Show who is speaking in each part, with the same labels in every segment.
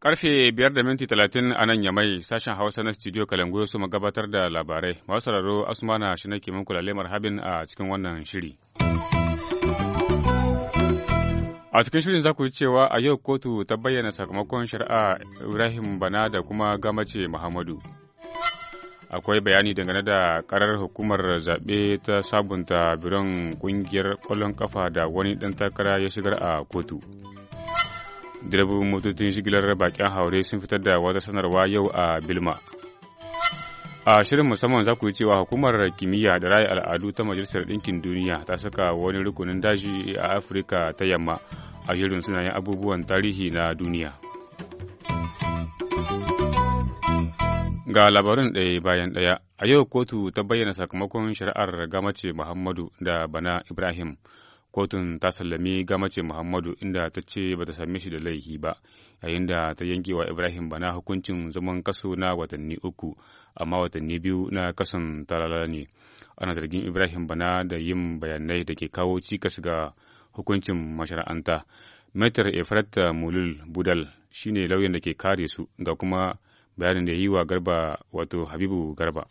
Speaker 1: Karfe biyar da minti talatin a nan ya mai sashen Hausa na studio Kalangu su gabatar da labarai. Masu sauraro Asmana shi nake muku lalemar habin a cikin wannan shiri. A cikin shirin za ku yi cewa a yau kotu ta bayyana sakamakon shari'a Ibrahim Bana da kuma Gamace Muhammadu. akwai bayani dangane da karar hukumar zaɓe ta sabunta biron ƙungiyar ƙwallon ƙafa da wani ɗan takara ya shigar a kotu. Direbobin motocin shigilar bakin haure sun fitar da wata sanarwa yau a Bilma. A shirin musamman za ku yi cewa hukumar kimiyya da raya al'adu ta Majalisar Ɗinkin Duniya ta saka wani rukunin daji a Afirka ta yamma a shirin yin abubuwan tarihi na duniya. Ga labarin ɗaya bayan ɗaya, a yau kotu ta bayyana sakamakon shari'ar gamace Muhammadu da Bana Ibrahim. Kotun ta sallami gamace Muhammadu inda ta ce ba ta same shi da laifi ba, yayin da ta yanke wa Ibrahim Bana hukuncin zaman kaso na watanni uku, amma watanni biyu na kasan talala ne. Ana zargin Ibrahim Bana da yin bayanai da ke kawo cikas ga hukuncin mashara'anta. Metar Efrat Mulul Budal shine lauyan da ke kare su ga kuma bayanin da ya yi wa garba wato habibu garba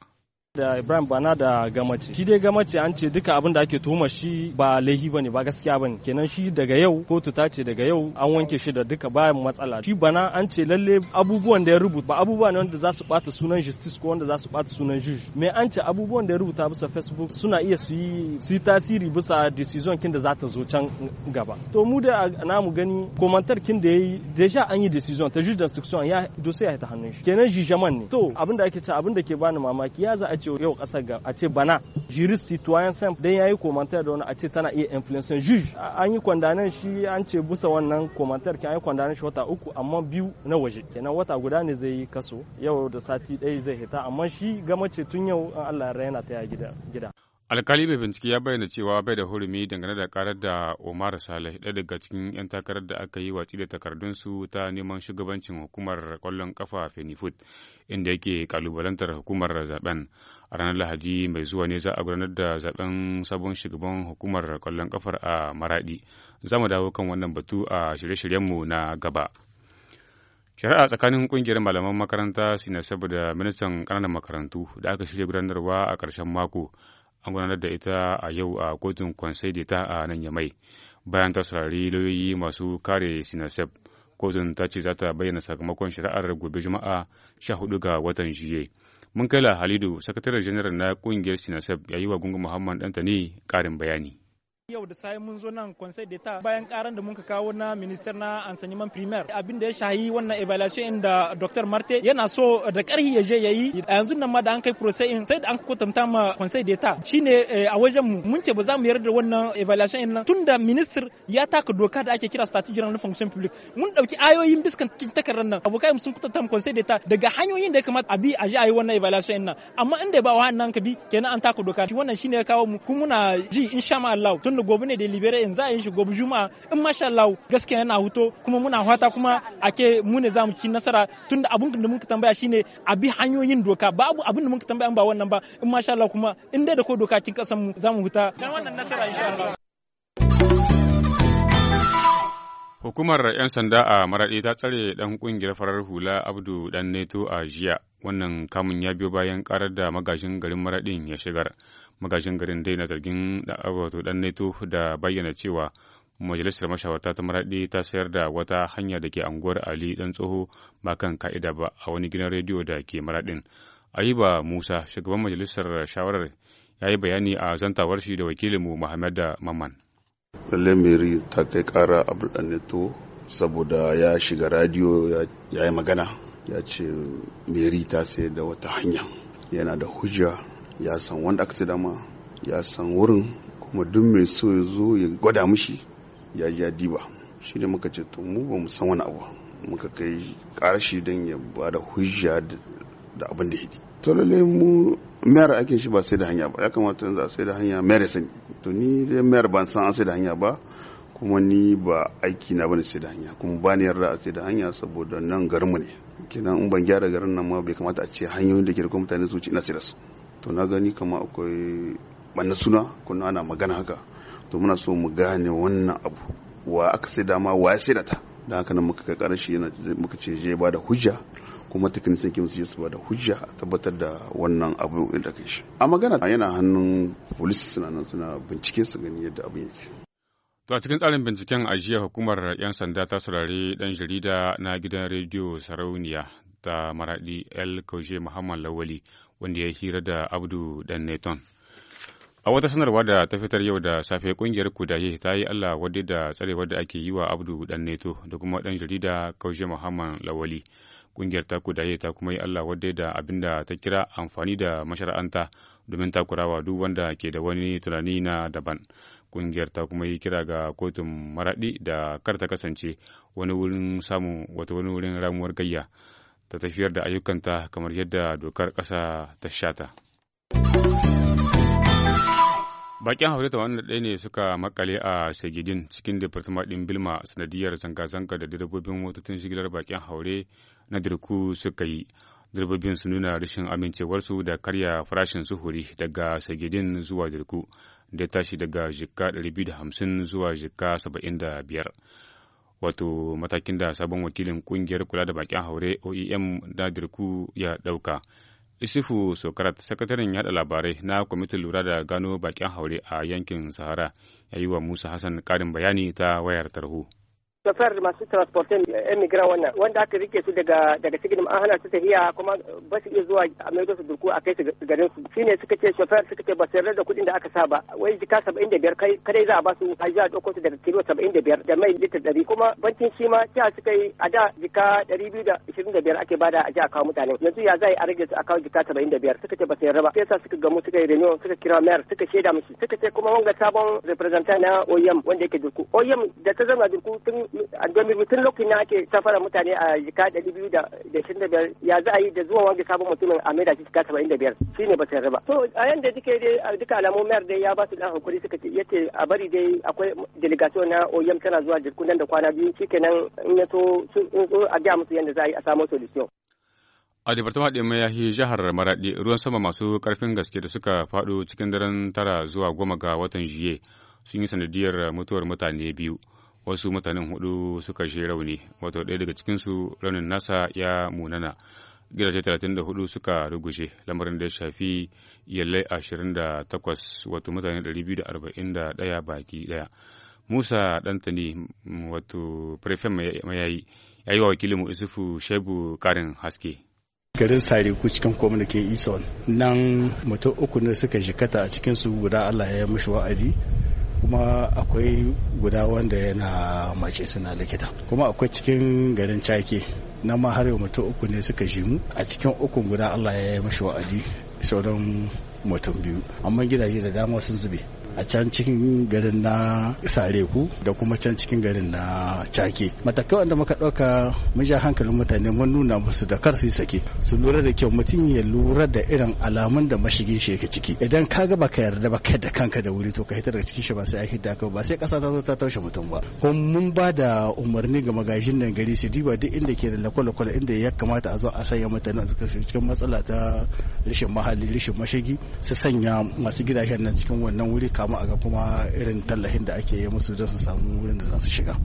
Speaker 2: da Ibrahim Bana da Gamace. Shi dai Gamace an ce duka abin da ake tuhuma shi ba laihi bane ba gaskiya bane. Kenan shi daga yau kotu ta ce daga yau an wanke shi da duka ba matsala. Shi Bana an ce lalle abubuwan da ya rubuta ba abubuwa ne wanda za su bata sunan justice ko wanda za su bata sunan juge Me an ce abubuwan da ya rubuta bisa Facebook suna iya su yi su yi tasiri bisa decision kin da za ta zo can gaba. To mu da namu gani komantar kin da yayi deja an yi decision ta juge d'instruction ya dosa ya ta hannun shi. Kenan jijaman ne. To abin da ake ce abin da ke bani mamaki ya za a ce yau kasar ga a ce bana jurist citoyen sam dan yayi komantar da wani a ce tana iya influencing juge an yi kwandanan shi an ce busa wannan komantar ke an yi kwandanan shi wata uku amma biyu na waje kenan wata guda ne zai yi kaso yau da sati ɗaya zai hita amma shi gama ce tun yau Allah ya yana ta gida
Speaker 1: alkali mai bincike ya bayyana cewa bai da hurumi dangane da karar da omar saleh ɗaya daga cikin 'yan takarar da aka yi watsi da takardunsu ta neman shugabancin hukumar kwallon kafa fenifut inda yake kalubalantar hukumar zaben a ranar lahadi mai zuwa ne za a gudanar da zaben sabon shugaban hukumar kwallon kafar a maradi za mu dawo kan wannan batu a shirye-shiryenmu na gaba shari'a tsakanin kungiyar malaman makaranta sina saboda ministan kananan makarantu da aka shirya gudanarwa a ƙarshen mako an gudanar da ita a yau a kotun da ta a nan Yamai. Bayan ta saurari lauyoyi masu kare Sinasef, kotun ta ce za ta bayyana sakamakon shari'ar gobe Juma'a sha hudu ga watan Juye. la Halidu, sakataren janar na kungiyar Sinasef, ya yi wa Gungun Muhammad Dantani ƙarin bayani.
Speaker 2: Yau da sai mun zo nan Conseil d'Etat bayan karan da muka kawo na minister na enseignement primaire abin da ya shahi wannan evaluation da Dr. Marte yana so da karhi ya je yayi a yanzu nan ma da an kai process in sai da an kwatanta ma Conseil d'Etat shine eh, a wajen mu mun ce ba za mu yarda wannan evaluation din nan tunda minister ya taka doka da ake kira statut general na fonction publique mun dauki ayoyin biskan cikin takardar nan abokai sun kwatanta ma Conseil d'Etat daga hanyoyin da ya kamata a bi a je ayi wannan evaluation din nan amma inda ba wa nan ka bi kenan an taka doka wannan shine ya kawo mu kuma muna ji insha Allah tun wanda gobe ne da libera in za a yi shi gobe juma'a in masha Allah gaskiya yana huto kuma muna fata kuma ake mu ne zamu ci nasara tunda abun da muka tambaya shine a bi hanyoyin doka babu abun da muka tambaya ba wannan ba in masha Allah kuma in dai da ko doka kin kasan mu zamu huta dan wannan nasara insha Allah
Speaker 1: Hukumar 'yan sanda a Maraɗi ta tsare ɗan ƙungiyar farar hula Abdu Dan Neto a jiya. Wannan kamun ya biyo bayan ƙarar da magashin garin Maraɗin ya shigar. magajin garin dai na zargin wato dan neto da bayyana cewa majalisar mashawarta ta maraɗi ta sayar da wata hanya da ke anguwar ali dan tsoho ba kan ka'ida ba a wani gidan rediyo da ke maraɗin ayuba musa shugaban majalisar shawarar ya yi bayani a zantawar shi da wakilinmu muhammad da maman
Speaker 3: lalle mary ta kai kara abdul saboda ya shiga radiyo ya yi magana ya ce meri ta sayar da wata hanya yana da hujja ya san wanda aka ce dama ya san wurin kuma duk mai so ya zo ya gwada mishi ya ji ya diba shi ne muka ce to mu ba mu san wani abu muka kai karashi don ya ba da hujja da abin da ya yi. to lalle mu mayar ake shi ba sai da hanya ba ya kamata yanzu a sai da hanya mayar ya sani to ni dai mayar ban san an sai da hanya ba kuma ni ba aiki na bane sai da hanya kuma ba ni yarda a sai da hanya saboda nan garinmu ne kina in ban gyara garin nan ma bai kamata a ce hanyoyin da ke da mutane su ci ina sai da su to na gani kama akwai ɓanna suna kuna ana magana haka to muna so mu gane wannan abu wa aka sai dama wa ya sai ta da haka nan muka kai karshe muka ce je ba da hujja kuma technician kim su su ba da hujja a tabbatar da wannan abu da kai shi a magana yana hannun polis suna nan suna bincike su gani yadda abin yake
Speaker 1: to a cikin tsarin binciken ajiyar hukumar yan sanda ta saurari dan jarida na gidan rediyo sarauniya ta maraɗi El Kaushe Muhammad Lawali wanda ya hira da Abdu neton A wata sanarwa da ta fitar yau da safe kungiyar kudaje ta yi Allah wadda da tsarewar da ake yi wa Abdu neto da kuma ɗan jarida Kaushe Muhammad Lawali. Kungiyar ta kudaye ta kuma yi Allah wadda da abin ta kira amfani da mashara'anta domin takurawa duk wanda ke da wani tunani na daban. kungiyar ta kuma yi kira ga kotun maraɗi da kar ta kasance wani wurin samun wata wani wurin ramuwar gayya ta tafiyar da ayyukanta kamar yadda dokar ƙasa ta shata. Bakin haure ta wannan ɗaya ne suka makale a Shagidin cikin Departement ɗin Bilma sanadiyar zanga-zanga da direbobin motocin shigilar bakin haure na Dirku suka yi. Direbobin sun nuna rashin amincewarsu da karya farashin suhuri daga Shagidin zuwa Dirku da tashi daga jikka 250 zuwa jikka 75. wato matakin da sabon wakilin kungiyar kula da bakin haure oem dirku ya dauka isufu sokrat sakataren yada labarai na kwamitin lura da gano bakin haure a yankin sahara ya yi wa musa hassan karin bayani ta wayar tarho
Speaker 2: sofar masu transportin emigra eh, wannan wanda aka rike su daga daga cikin an hana su tafiya kuma eh, ba su iya zuwa amerika su durku a kai su garin su shine suka ce sofar suka ce ba su yarda da kuɗin da aka saba wai jika saba'in da biyar kadai za a ba su a jiya ɗauko su daga kilo saba'in da biyar da mai litar ɗari kuma bankin shi ma jiya suka yi a da jika ɗari biyu da ishirin da biyar ake bada a jiya kawo mutane yanzu ya za a rage su a kawo jika saba'in da biyar suka ce ba su yarda ba sai sa suka gamu suka yi reunion suka kira mayar suka shaida musu suka ce kuma wanga sabon representant na OEM wanda yake durku OEM da ta zama durku tun domin mutum lokacin na ake safara mutane a jika ɗari biyu da da biyar ya za a yi da zuwa wanda sabon mutumin a maida shi jika saba'in da biyar shi ne ba su yarda ba. to a yanda duka dai duka alamun mayar dai ya ba su dan hankuri suka ce yace a bari dai akwai delegation na oyam e tana zuwa jirgin nan da kwana biyu shikenan in ya so a gaya musu yadda za a yi a samo solution.
Speaker 1: a departement ɗin mayahi jihar maraɗi ruwan sama masu ƙarfin gaske da suka faɗo cikin daren tara zuwa goma ga watan juye sun yi sanadiyar mutuwar mutane biyu wasu mutanen hudu suka shi rauni wato ɗaya daga cikinsu raunin nasa ya munana gidaje 34 suka rugushe lamarin da ya shafi yallai 28 wato mutane 241 baki daya musa dantani wato prefen mayayi ya yi wa wakilinmu isufu shebu karin haske
Speaker 2: garin sare ku cikin kwamnakin ison nan mutum uku ne suka jikata a cikinsu guda allah ya yi mashi wa'adi kuma akwai guda wanda yana mace suna likita kuma akwai cikin garin cake na ma har yau mutum uku ne suka shi mu a cikin ukun guda allah ya yi mashi wa'adi sauran mutum biyu amma gidaje da dama sun zube a can cikin garin na sareku da kuma can cikin garin na cake matakai wanda muka ɗauka mun ja hankalin mutane mun nuna musu da kar su sake su lura da kyau mutum ya lura da irin alamun da mashigin shi yake ciki idan ka ga baka yarda ba kai da kanka da wuri to ka hita daga cikin shi ba sai ake ka ba sai kasa ta zo ta taushe mutum ba Ko mun ba da umarni ga magajin nan gari su diba duk inda ke da lakwalakwala inda ya kamata a zo a sanya mutane a cikin matsala ta rashin mahalli rashin mashigi su sanya masu gidajen nan cikin wannan wuri samu a ga kuma irin tallafin da ake yi musu don su samu wurin da za su shiga.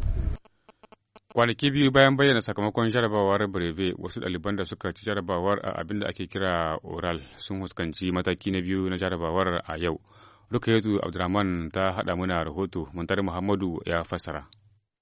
Speaker 1: Kwanaki biyu bayan bayyana sakamakon jarabawar breve wasu ɗaliban da suka ci jarabawar a abin da ake kira oral sun fuskanci mataki na biyu na jarabawar a yau. Rukayatu Abdurrahman ta haɗa muna rahoto, Muntar Muhammadu ya fasara.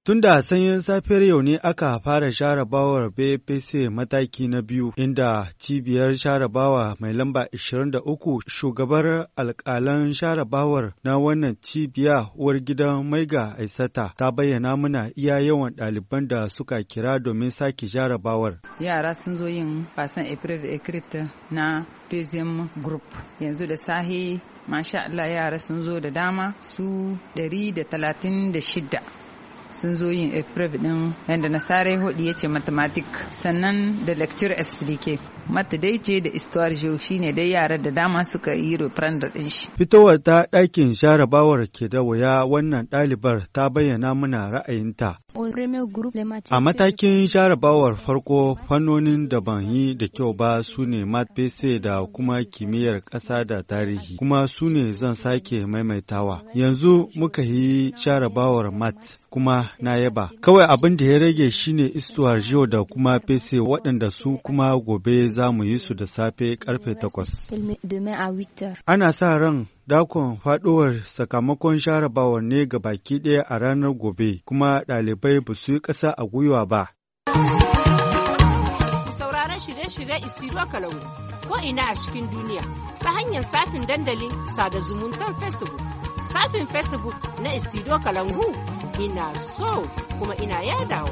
Speaker 4: Tun da sanyin safiyar yau ne aka fara sharabawar BPC mataki na biyu, inda cibiyar sharabawa mai lamba 23 shugabar alkalan sharabawar na wannan cibiya uwar gidan Maiga Aisata ta bayyana mana iya yawan ɗaliban da suka kira domin sake sharabawar.
Speaker 2: Yara sun zo yin fasan April na pizim Group. Yanzu da sahi, masha Allah yara sun zo da dama su 136. sun zo yin epreve din yadda nasarai hudu ya ce mathematic sannan da lecture explique mata dai ce da histoire geo shine dai yara da dama suka yi reprendre din shi
Speaker 4: fitowar ta ɗakin jarabawar ke da waya wannan ɗalibar ta bayyana mana ra'ayinta a matakin jarabawar farko fannonin da ban yi da kyau ba su ne math da kuma kimiyyar ƙasa da tarihi kuma su ne zan sake maimaitawa yanzu muka yi jarabawar math kuma na yaba. Kawai abin da ya rage shine istuwar jiyo da kuma fese waɗanda su kuma gobe za mu yi su da safe karfe takwas. Ana sa ran dakon faɗowar sakamakon sharabawar ne ga baki ɗaya a ranar gobe kuma ɗalibai ba su yi ƙasa a gwiwa ba.
Speaker 2: saurara shirye shiryen ko ina a cikin duniya ta hanyar safin dandalin sada zumuntar Facebook. safin facebook na istido kalangu ina so kuma ina
Speaker 4: yadawa.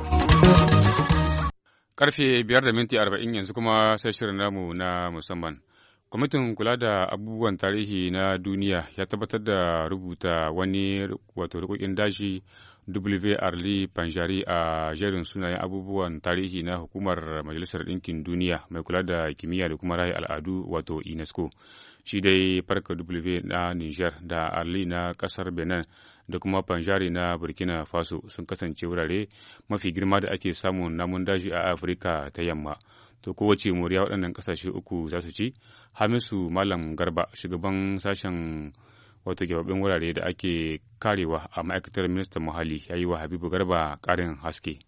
Speaker 1: Karfe biyar da minti arba'in yanzu kuma sai shirin namu na musamman. Kwamitin kula da abubuwan tarihi na duniya ya tabbatar da rubuta wani wato rukukin daji. W. Arli Panjari a jerin sunayen abubuwan tarihi na hukumar Majalisar Ɗinkin Duniya mai kula da kimiyya da kuma rayu al'adu wato UNESCO. Shi dai farka W na Niger da Arli na ƙasar Benin da kuma Panjari na Burkina Faso sun kasance wurare mafi girma da ake samun namun daji a Afirka ta yamma. To kowace moriya waɗannan ƙasashe uku za su ci? Hamisu Malam Garba, shugaban sashen wato gyababbin wurare da ake karewa a ma'aikatar ministan muhalli ya yi wa habibu garba ƙarin haske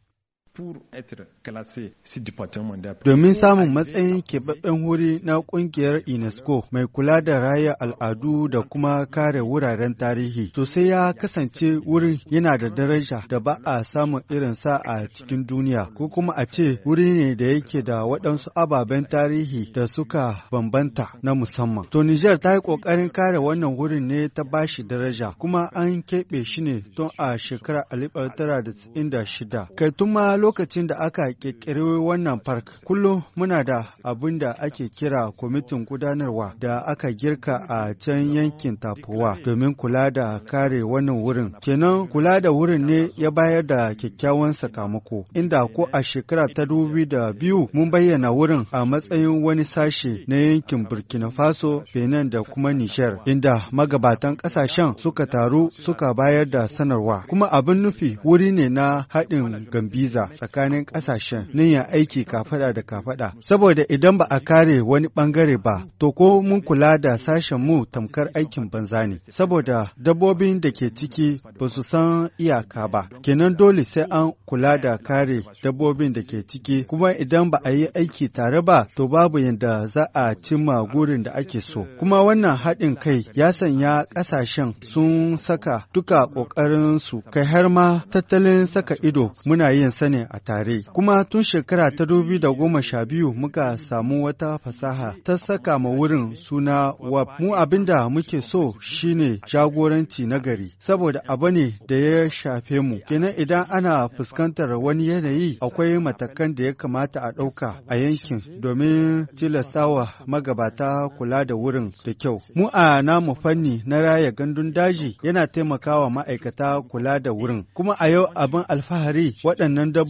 Speaker 4: Domin samun matsayin keɓaɓɓen wuri na ƙungiyar UNESCO mai kula da raya al'adu da kuma kare wuraren tarihi, to sai ya kasance wurin yana da daraja da ba a samun sa a cikin duniya, ko kuma a ce wuri ne da yake da waɗansu ababen tarihi da suka bambanta na musamman. To Nijar ta yi ƙoƙarin kare wannan wurin ne ta bashi daraja, kuma an keɓe shi ne tun a shekarar 1996. Kai tun ma lokacin da aka ƙirƙiri wannan park, kullum muna da abin da ake kira kwamitin gudanarwa da aka girka a can yankin tafuwa domin kula da kare wannan wurin. Kenan kula da wurin ne ya bayar da kyakkyawan sakamako, inda ko a shekara ta dubi da biyu mun bayyana wurin a matsayin wani sashe na yankin Burkina Faso, Benin da kuma Nijar, inda magabatan ƙasashen suka taru suka bayar da sanarwa. Kuma abin nufi wuri ne na haɗin Gambiza. tsakanin ƙasashen ya aiki kafada da kafada saboda idan ba a kare wani bangare ba to ko mun kula da sashen mu tamkar aikin banza ne saboda dabbobin da ke ciki ba su san iyaka ba kenan dole sai an kula da kare dabbobin da ke ciki kuma idan ba a yi aiki tare ba to babu yadda za a cimma gurin da ake so kuma wannan haɗin kai ya sanya ƙasashen sun saka duka ƙoƙarinsu kai har ma tattalin saka ido muna yin sani a tare. Kuma tun shekara ta dubi da goma sha biyu muka samu wata fasaha ta saka ma wurin suna WAP. Mu abin da muke so shine jagoranci nagari, saboda abu ne da ya shafe mu. Kenan idan ana fuskantar wani yanayi akwai matakan da ya kamata a ɗauka a yankin domin tilastawa magabata kula da wurin da kyau. Mu a namu fanni na raya gandun daji yana taimakawa ma'aikata kula da wurin. Kuma a yau abin alfahari waɗannan dabbobi